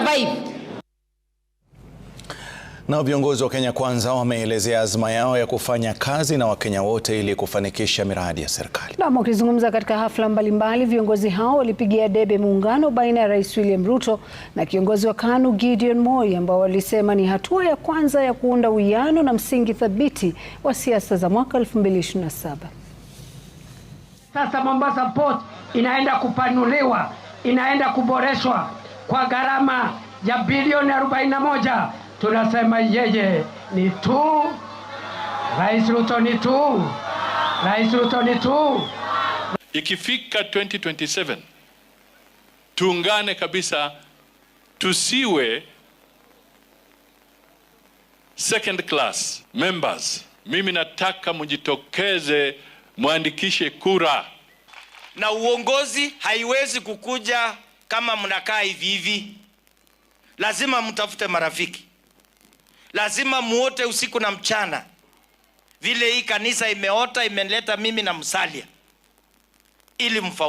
survive. Nao viongozi wa Kenya Kwanza wameelezea azma yao ya kufanya kazi na Wakenya wote ili kufanikisha miradi ya serikali. Naam, wakizungumza katika hafla mbalimbali, viongozi hao walipigia debe muungano baina ya Rais William Ruto na kiongozi wa KANU Gideon Moi, ambao walisema ni hatua ya kwanza ya kuunda uwiano na msingi thabiti wa siasa za mwaka 2027. Sasa Mombasa Port inaenda kupanuliwa, inaenda kuboreshwa kwa gharama ya bilioni 41. Tunasema yeye ni tu, Rais Ruto ni tu, Rais Ruto ni tu. Ikifika 2027 tuungane kabisa, tusiwe second class members. Mimi nataka mjitokeze, mwandikishe kura, na uongozi haiwezi kukuja kama mnakaa hivi hivi, lazima mtafute marafiki, lazima muote usiku na mchana, vile hii kanisa imeota imeleta mimi na Msalia ili mfaulu.